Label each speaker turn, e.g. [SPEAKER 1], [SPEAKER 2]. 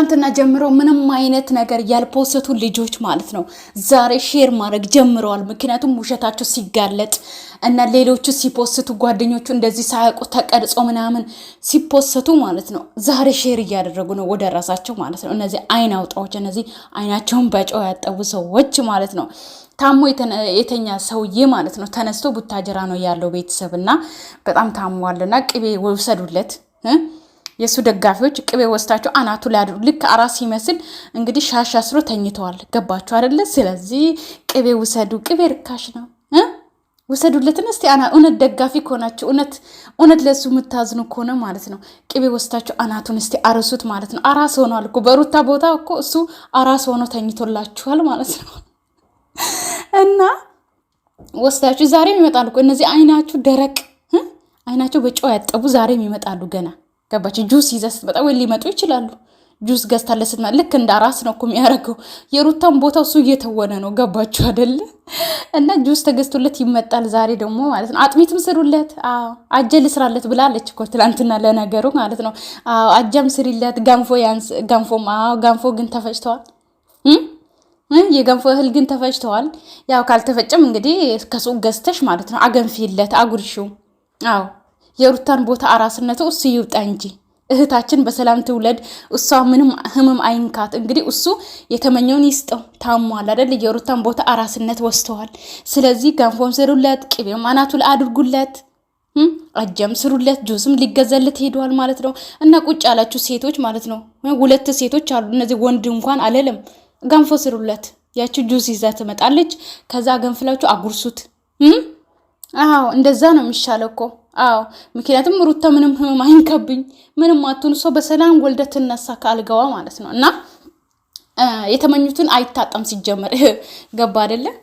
[SPEAKER 1] ከትላንትና ጀምሮ ምንም አይነት ነገር ያልፖስቱ ልጆች ማለት ነው ዛሬ ሼር ማድረግ ጀምረዋል። ምክንያቱም ውሸታቸው ሲጋለጥ እና ሌሎቹ ሲፖስቱ ጓደኞቹ እንደዚህ ሳያውቁ ተቀርጾ ምናምን ሲፖስቱ ማለት ነው ዛሬ ሼር እያደረጉ ነው ወደ ራሳቸው ማለት ነው። እነዚህ አይን አውጣዎች፣ እነዚህ አይናቸውን በጨው ያጠቡ ሰዎች ማለት ነው። ታሞ የተኛ ሰውዬ ማለት ነው ተነስቶ ቡታጀራ ነው ያለው ቤተሰብ እና በጣም ታሟልና ቅቤ ውሰዱለት የእሱ ደጋፊዎች ቅቤ ወስታቸው አናቱ ላይ አድሩ ልክ አራስ ሲመስል እንግዲህ ሻሽ አስሮ ተኝተዋል። ገባችሁ አደለ? ስለዚህ ቅቤ ውሰዱ፣ ቅቤ ርካሽ ነው። ውሰዱለትን እስቲ እውነት ደጋፊ ከሆናችሁ እውነት ለሱ የምታዝኑ ከሆነ ማለት ነው። ቅቤ ወስታችሁ አናቱን እስቲ አርሱት ማለት ነው። አራስ ሆኗል እኮ በሩታ ቦታ እኮ እሱ አራስ ሆኖ ተኝቶላችኋል ማለት ነው። እና ወስዳችሁ ዛሬም ይመጣሉ እነዚህ አይናችሁ ደረቅ አይናቸው በጨው ያጠቡ ዛሬም ይመጣሉ ገና ገባች። ጁስ ይዛ ስትመጣ ወይ ሊመጡ ይችላሉ። ጁስ ገዝታለ ስትመጣ ልክ እንደ አራስ ነው እኮ የሚያደርገው። የሩታን ቦታ እሱ እየተወነ ነው። ገባችሁ አደለ? እና ጁስ ተገዝቶለት ይመጣል። ዛሬ ደግሞ ማለት ነው አጥሚትም ስሩለት፣ አጀል ስራለት ብላለች እኮ ትላንትና። ለነገሩ ማለት ነው አጃም ስሪለት፣ ገንፎ ገንፎ ገንፎ ግን ተፈጭተዋል የገንፎ እህል ግን ተፈጭተዋል። ያው ካልተፈጨም እንግዲህ ከሱቅ ገዝተሽ ማለት ነው አገንፊለት፣ አጉርሺው። አዎ የሩታን ቦታ አራስነቱ እሱ ይውጣ እንጂ እህታችን በሰላም ትውለድ፣ እሷ ምንም ህመም አይንካት። እንግዲህ እሱ የተመኘውን ይስጠው። ታሟል አደል? የሩታን ቦታ አራስነት ወስተዋል። ስለዚህ ገንፎም ስሩለት፣ ቅቤም አናቱ ላይ አድርጉለት፣ አጀም ስሩለት፣ ጁስም ሊገዛለት ሄደዋል ማለት ነው። እና ቁጭ ያላችሁ ሴቶች ማለት ነው፣ ሁለት ሴቶች አሉ። እነዚህ ወንድ እንኳን አልልም። ገንፎ ስሩለት፣ ያችሁ ጁስ ይዛ ትመጣለች። ከዛ ገንፍላችሁ አጉርሱት። አዎ እንደዛ ነው የሚሻለው እኮ አዎ ምክንያቱም ሩታ ምንም ህመም አይንከብኝ ምንም አትሁን፣ እሷ በሰላም ወልደ ትነሳ ከአልጋዋ ማለት ነው። እና የተመኙትን አይታጣም ሲጀመር ገባ አይደለም